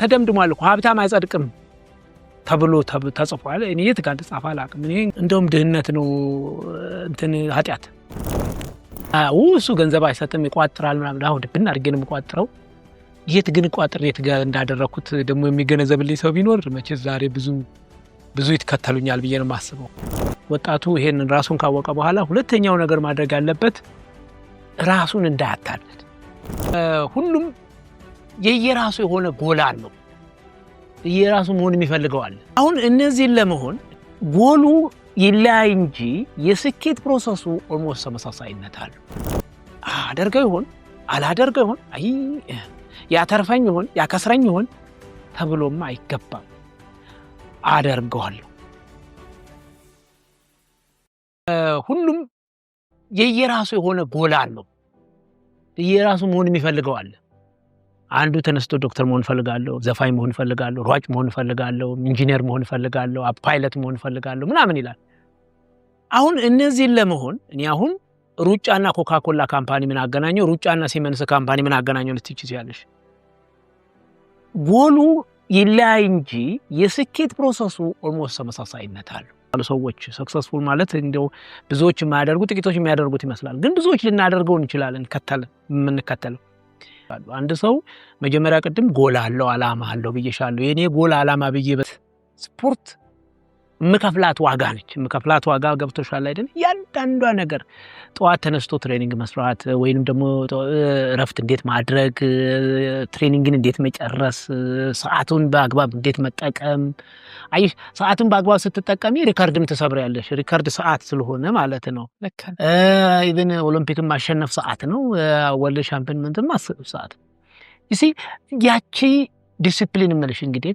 ተደምድሟል እኮ ሀብታም አይጸድቅም ተብሎ ተጽፏል። እኔ የት ጋር ተጻፈ እኔ እንደውም ድህነት ነው እንትን ኃጢአት እሱ ገንዘብ አይሰጥም ይቋጥራል ምናምን። አሁን ድብን አድርጌ ነው የምቋጥረው። የት ግን ቋጥር የት ጋር እንዳደረግኩት ደግሞ የሚገነዘብልኝ ሰው ቢኖር መቼ ዛሬ ብዙ ብዙ ይከተሉኛል ብዬ ነው የማስበው። ወጣቱ ይሄን ራሱን ካወቀ በኋላ ሁለተኛው ነገር ማድረግ ያለበት ራሱን እንዳያታለል ሁሉም የየራሱ የሆነ ጎል አለው። የየራሱ መሆን የሚፈልገው አለ። አሁን እነዚህን ለመሆን ጎሉ ይለያይ እንጂ የስኬት ፕሮሰሱ ኦልሞስት ተመሳሳይነት አለ። አደርገው ይሆን አላደርገው ይሆን አይ ያተርፈኝ ይሆን ያከስረኝ ይሆን ተብሎማ አይገባም። አደርገዋለሁ። ሁሉም የየራሱ የሆነ ጎል አለው። የየራሱ መሆን የሚፈልገው አለ። አንዱ ተነስቶ ዶክተር መሆን እፈልጋለሁ፣ ዘፋኝ መሆን እፈልጋለሁ፣ ሯጭ መሆን እፈልጋለሁ፣ ኢንጂነር መሆን እፈልጋለሁ፣ ፓይለት መሆን እፈልጋለሁ ምናምን ይላል። አሁን እነዚህን ለመሆን እኔ አሁን ሩጫና ኮካኮላ ካምፓኒ ምን አገናኘው? ሩጫና ሲመንስ ካምፓኒ ምን አገናኘው ልትች ያለሽ ጎሉ ይለያይ እንጂ የስኬት ፕሮሰሱ ኦልሞስት ተመሳሳይነት አለ። ሰዎች ሰክሰስፉል ማለት እንደው ብዙዎች የማያደርጉ ጥቂቶች የሚያደርጉት ይመስላል፣ ግን ብዙዎች ልናደርገው እንችላለን። ከተል የምንከተለው አሉ። አንድ ሰው መጀመሪያ ቅድም ጎል አለው፣ አላማ አለው ብዬሻለሁ። የኔ ጎል አላማ ብዬ ስፖርት ምከፍላት ዋጋ ነች። ምከፍላት ዋጋ ገብቶሻል አይደል? ያንዳንዷ ነገር ጠዋት ተነስቶ ትሬኒንግ መስራት ወይንም ደግሞ እረፍት እንዴት ማድረግ፣ ትሬኒንግን እንዴት መጨረስ፣ ሰዓቱን በአግባብ እንዴት መጠቀም። አይሽ ሰዓቱን በአግባብ ስትጠቀሚ ሪከርድም ትሰብሪያለሽ። ሪከርድ ሰዓት ስለሆነ ማለት ነው። ኢቨን ኦሎምፒክን ማሸነፍ ሰዓት ነው። ወርልድ ሻምፒዮንመንትም ማሰብ ሰዓት ይሲ ያቺ ዲስፕሊን መልሽ እንግዲህ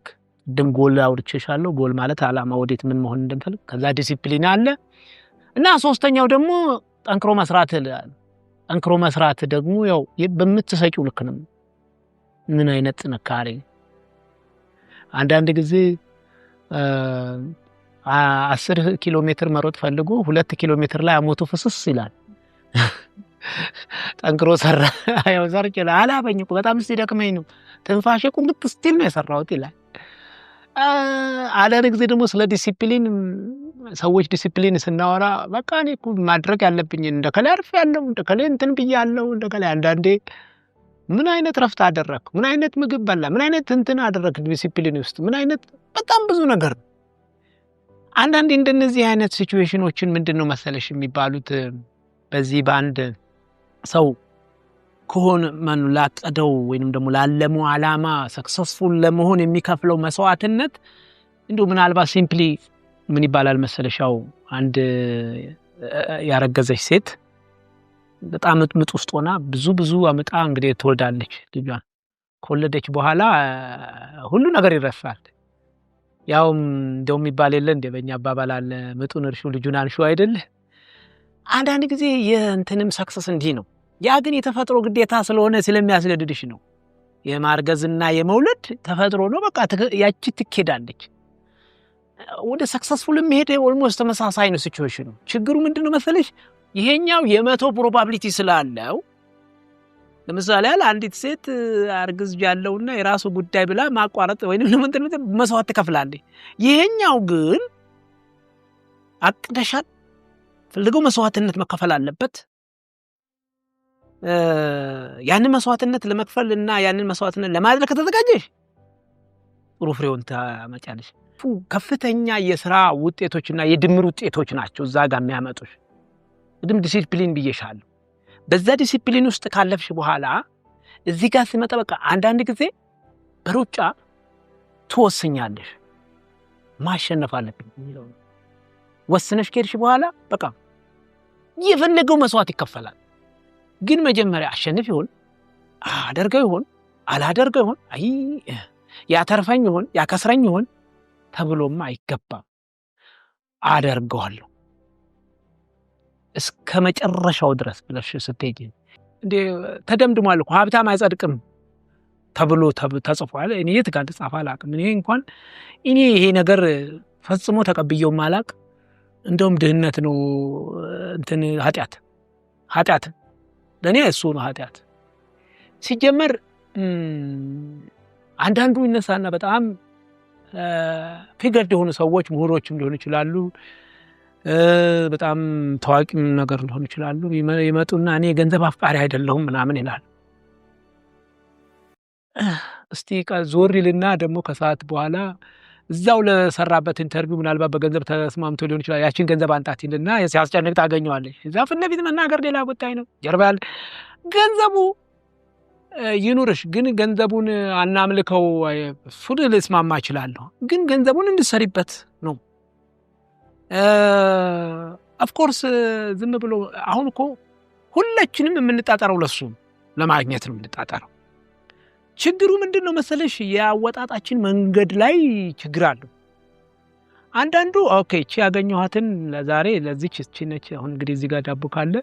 ቅድም ጎል አውርቼሻለሁ። ጎል ማለት አላማ ወዴት ምን መሆን እንደምፈልግ፣ ከዛ ዲሲፕሊን አለ እና ሶስተኛው ደግሞ ጠንክሮ መስራት። ጠንክሮ መስራት ደግሞ ያው በምትሰቂው ልክ ነው። ምን አይነት ጥንካሬ አንዳንድ ጊዜ አስር ኪሎ ሜትር መሮጥ ፈልጎ ሁለት ኪሎ ሜትር ላይ አሞቱ ፍስስ ይላል። ጠንክሮ ሰራ ያው ሰርቼ አላበኝ በጣም ሲደክመኝ ነው ትንፋሽ ቁምጥ ስቲል ነው የሰራሁት ይላል። አንዳንድ ጊዜ ደግሞ ስለ ዲሲፕሊን ሰዎች ዲሲፕሊን ስናወራ በቃ እኔ እኮ ማድረግ ያለብኝ እንደከላይ አርፍ ያለው እንደከላ እንትን ብዬ ያለው እንደከላ አንዳንዴ ምን አይነት ረፍት አደረግ፣ ምን አይነት ምግብ በላ፣ ምን አይነት እንትን አደረግ፣ ዲሲፕሊን ውስጥ ምን አይነት በጣም ብዙ ነገር። አንዳንዴ እንደነዚህ አይነት ሲትዌሽኖችን ምንድን ነው መሰለሽ የሚባሉት በዚህ በአንድ ሰው ከሆነ ማን ላቀደው ወይንም ደግሞ ላለሙ ዓላማ ሰክሰስፉል ለመሆን የሚከፍለው መስዋዕትነት እንዲሁ ምናልባት ሲምፕሊ ምን ይባላል መሰለሻው አንድ ያረገዘች ሴት በጣም ምጥ ውስጥ ሆና ብዙ ብዙ አመጣ እንግዲህ ትወልዳለች። ልጇን ከወለደች በኋላ ሁሉ ነገር ይረሳል። ያውም እንደው የሚባል የለ እንደ በእኛ አባባል አለ ምጡን እርሹ ልጁን አንሹ አይደለ። አንዳንድ ጊዜ የእንትንም ሰክሰስ እንዲህ ነው ያ ግን የተፈጥሮ ግዴታ ስለሆነ ስለሚያስገድድሽ ነው። የማርገዝና የመውለድ ተፈጥሮ ነው። በቃ ያቺ ትኬዳለች። ወደ ሰክሰስፉል የሚሄድ ኦልሞስት ተመሳሳይ ነው ሲቹዌሽኑ። ችግሩ ምንድን ነው መሰለሽ? ይሄኛው የመቶ ፕሮባብሊቲ ስላለው ለምሳሌ ያህል አንዲት ሴት አርግዝ ያለውና የራሱ ጉዳይ ብላ ማቋረጥ ወይም ለምንድን መስዋዕት ትከፍላለች። ይሄኛው ግን አቅደሻል፣ ፈልገው መስዋዕትነት መከፈል አለበት ያንን መስዋዕትነት ለመክፈል እና ያንን መስዋዕትነት ለማድረግ ከተዘጋጀሽ ጥሩ ፍሬውን ታመጫለሽ። ከፍተኛ የስራ ውጤቶችና የድምር ውጤቶች ናቸው እዛ ጋር የሚያመጡሽ። ቅድም ዲሲፕሊን ብዬሻለሁ። በዛ ዲሲፕሊን ውስጥ ካለፍሽ በኋላ እዚህ ጋር ሲመጣ በቃ አንዳንድ ጊዜ በሩጫ ትወስኛለሽ። ማሸነፍ አለብኝ የሚለው ወስነሽ ከሄድሽ በኋላ በቃ የፈለገው መስዋዕት ይከፈላል። ግን መጀመሪያ አሸንፍ ይሆን አደርገው ይሆን አላደርገው ይሆን አይ ያተርፈኝ ይሆን ያከስረኝ ይሆን ተብሎም አይገባም። አደርገዋለሁ እስከ መጨረሻው ድረስ ብለሽ ስትሄጂ እንደ ተደምድሟል እኮ ሀብታም አይጸድቅም ተብሎ ተጽፏል። እኔ የት ጋር ተጻፈ አላቅም። እኔ እንኳን እኔ ይሄ ነገር ፈጽሞ ተቀብየውም አላቅ። እንደውም ድህነት ነው እንትን ኃጢአት ኃጢአትን ለእኔ እሱ ነው ኃጢአት። ሲጀመር አንዳንዱ ይነሳና በጣም ፊገርድ የሆኑ ሰዎች ምሁሮችም ሊሆኑ ይችላሉ፣ በጣም ታዋቂም ነገር ሊሆኑ ይችላሉ። ይመጡና እኔ የገንዘብ አፍቃሪ አይደለሁም ምናምን ይላል። እስቲ ዞር ይልና ደግሞ ከሰዓት በኋላ እዛው ለሰራበት ኢንተርቪው ምናልባት በገንዘብ ተስማምቶ ሊሆን ይችላል። ያችን ገንዘብ አንጣት ይልና ሲያስጨንቅ ታገኘዋለች። እዛ ፊት ለፊት መናገር ሌላ ጉዳይ ነው። ጀርባ ያለ ገንዘቡ ይኑርሽ፣ ግን ገንዘቡን አናምልከው። እሱን ልስማማ እችላለሁ፣ ግን ገንዘቡን እንድሰሪበት ነው። ኦፍኮርስ ዝም ብሎ አሁን እኮ ሁላችንም የምንጣጠረው ለሱ ለማግኘት ነው የምንጣጠረው ችግሩ ምንድን ነው መሰለሽ? የአወጣጣችን መንገድ ላይ ችግር አለው። አንዳንዱ ኦኬ እቺ ያገኘኋትን ለዛሬ ለዚች እቺ ነች። አሁን እንግዲህ እዚህ ጋር ዳቦ ካለ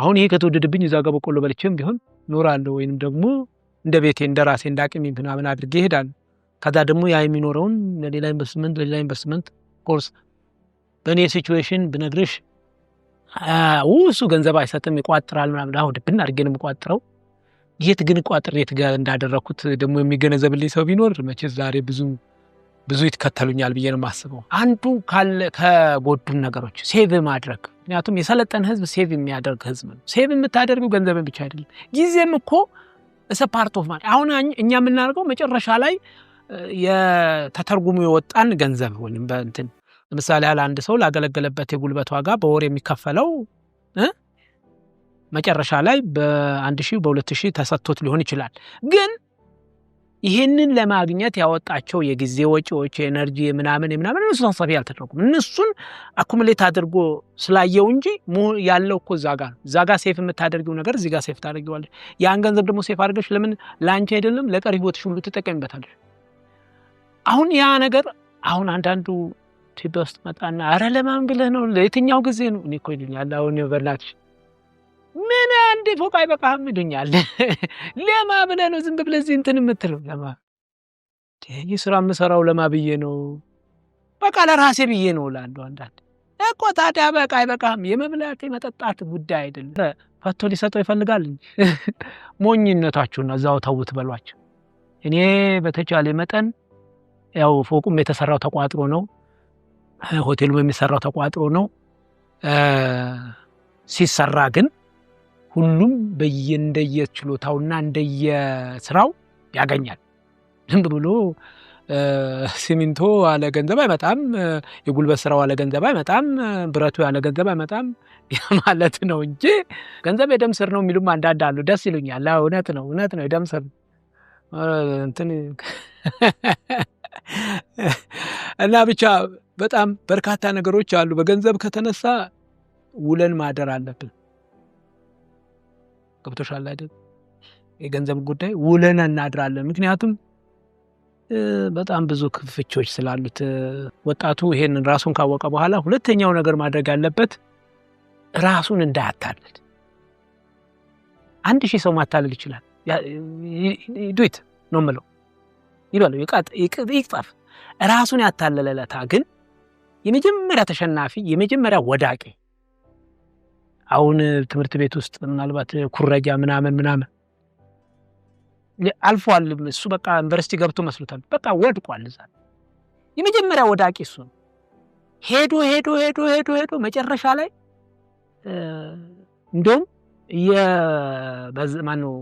አሁን ይሄ ከተወደድብኝ እዛ ጋር በቆሎ በልቼም ቢሆን ኖራለሁ፣ ወይንም ደግሞ እንደ ቤቴ እንደ ራሴ እንደ አቅም ምናምን አድርጌ እሄዳለሁ። ከዛ ደግሞ ያ የሚኖረውን ለሌላ ኢንቨስትመንት ለሌላ ኢንቨስትመንት ኮርስ በእኔ ሲቹዌሽን ብነግርሽ ውሱ ገንዘብ አይሰጥም፣ ይቋጥራል ምናምን። አሁን ድብን አድርጌ ነው የምቋጥረው የት ግን ቋጥር የት ጋር እንዳደረግኩት ደግሞ የሚገነዘብልኝ ሰው ቢኖር መቼ ዛሬ ብዙ ብዙ ይትከተሉኛል ብዬ ነው የማስበው። አንዱ ከጎዱን ነገሮች ሴቭ ማድረግ። ምክንያቱም የሰለጠን ህዝብ ሴቭ የሚያደርግ ህዝብ ነው። ሴቭ የምታደርገው ገንዘብን ብቻ አይደለም፣ ጊዜም እኮ እሰ ፓርት ኦፍ ማለት አሁን እኛ የምናደርገው መጨረሻ ላይ የተተርጉሙ የወጣን ገንዘብ ወይም በእንትን ለምሳሌ ያህል አንድ ሰው ላገለገለበት የጉልበት ዋጋ በወር የሚከፈለው መጨረሻ ላይ በአንድ ሺህ በሁለት ሺህ ተሰጥቶት ሊሆን ይችላል። ግን ይህንን ለማግኘት ያወጣቸው የጊዜ ወጪዎች፣ የኤነርጂ የምናምን የምናምን እነሱ ታሳቢ አልተደረጉም። እነሱን አኩሙሌት አድርጎ ስላየው እንጂ ያለው እኮ እዛ ጋር እዛ ጋር ሴፍ የምታደርጊው ነገር እዚህ ጋር ሴፍ ታደርጊዋለሽ። ያን ገንዘብ ደግሞ ሴፍ አድርገች ለምን ለአንቺ አይደለም ለቀሪ ህይወትሽ ሁሉ ትጠቀሚበታለች። አሁን ያ ነገር አሁን አንዳንዱ ኢትዮጵያ ውስጥ መጣና አረ ለማን ብለህ ነው ለየትኛው ጊዜ ነው እኔ እኮ ይሉኛል አሁን በላች ምን አንድ ፎቅ አይበቃህም ይሉኛል። ለማ ብለህ ነው ዝም ብለህ እዚህ እንትን የምትለው? ለማ ይህ ስራ የምሰራው ለማ ብዬ ነው፣ በቃ ለራሴ ብዬ ነው እላለሁ። አንዳንድ እኮ ታዲያ በቃ አይበቃህም የመብላት የመጠጣት ጉዳይ አይደለም። ፈቶ ሊሰጠው ይፈልጋል ሞኝነታችሁና እዛው ተውት በሏቸው። እኔ በተቻለ መጠን ያው ፎቁም የተሰራው ተቋጥሮ ነው፣ ሆቴሉም የሚሰራው ተቋጥሮ ነው። ሲሰራ ግን ሁሉም እንደየችሎታውና እንደየስራው ያገኛል። ዝም ብሎ ሲሚንቶ ያለ ገንዘብ አይመጣም። የጉልበት ስራው ያለ ገንዘብ አይመጣም። ብረቱ ያለ ገንዘብ አይመጣም ማለት ነው እንጂ ገንዘብ የደም ስር ነው የሚሉም አንዳንድ አሉ። ደስ ይሉኛል። እውነት ነው፣ እውነት ነው። የደም ስር እንትን እና ብቻ በጣም በርካታ ነገሮች አሉ። በገንዘብ ከተነሳ ውለን ማደር አለብን። ገብቶሻል አይደል? የገንዘብ ጉዳይ ውለን እናድራለን። ምክንያቱም በጣም ብዙ ክፍቾች ስላሉት ወጣቱ ይሄንን ራሱን ካወቀ በኋላ ሁለተኛው ነገር ማድረግ ያለበት ራሱን እንዳያታልል። አንድ ሺህ ሰው ማታለል ይችላል። ዱት ነው ምለው ይበለው ይቅጣፍ። ራሱን ያታለለለታ ግን የመጀመሪያ ተሸናፊ የመጀመሪያ ወዳቄ አሁን ትምህርት ቤት ውስጥ ምናልባት ኩረጃ ምናምን ምናምን አልፏል። እሱ በቃ ዩኒቨርሲቲ ገብቶ መስሎታል። በቃ ወድቋል። እዛ የመጀመሪያ ወዳቂ እሱ ነው። ሄዶ ሄዶ ሄዶ ሄዶ ሄዶ መጨረሻ ላይ እንዲሁም ማነው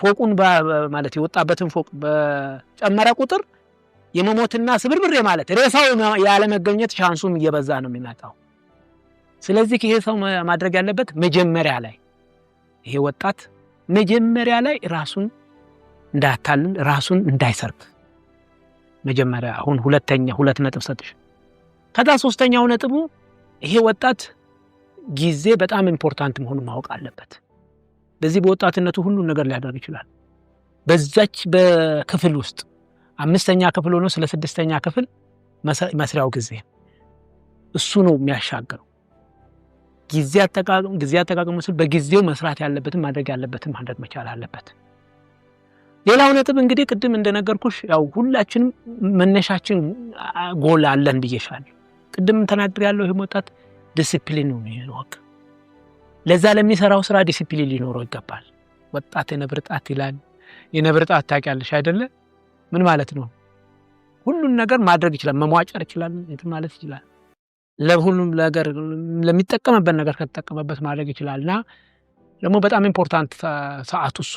ፎቁን ማለት የወጣበትን ፎቅ በጨመረ ቁጥር የመሞትና ስብርብሬ ማለት ሬሳው ያለመገኘት ሻንሱም እየበዛ ነው የሚመጣው። ስለዚህ ይሄ ሰው ማድረግ ያለበት መጀመሪያ ላይ ይሄ ወጣት መጀመሪያ ላይ ራሱን እንዳያታልን ራሱን እንዳይሰርቅ መጀመሪያ አሁን ሁለተኛ ሁለት ነጥብ ሰጥሽ። ከዛ ሶስተኛው ነጥቡ ይሄ ወጣት ጊዜ በጣም ኢምፖርታንት መሆኑን ማወቅ አለበት። በዚህ በወጣትነቱ ሁሉን ነገር ሊያደርግ ይችላል። በዛች በክፍል ውስጥ አምስተኛ ክፍል ሆኖ ስለ ስድስተኛ ክፍል መስሪያው ጊዜ እሱ ነው የሚያሻገረው። ጊዜ አጠቃቀም ጊዜ አጠቃቀም ስል በጊዜው መስራት ያለበትን ማድረግ ያለበትን ማድረግ መቻል አለበት። ሌላው ነጥብ እንግዲህ ቅድም እንደነገርኩሽ ያው ሁላችንም መነሻችን ጎል አለን ብዬሻል። ቅድም ተናግር ያለው ይህ ወጣት ዲስፕሊን ይወቅ። ለዛ ለሚሰራው ስራ ዲስፕሊን ሊኖረው ይገባል። ወጣት የነብር ጣት ይላል። የነብር ጣት ታውቂያለሽ አይደለ? ምን ማለት ነው? ሁሉን ነገር ማድረግ ይችላል። መሟጨር ይችላል። ማለት ይችላል ለሁሉም ነገር ለሚጠቀምበት ነገር ከተጠቀመበት ማድረግ ይችላል እና ደግሞ በጣም ኢምፖርታንት ሰዓቱ እሱ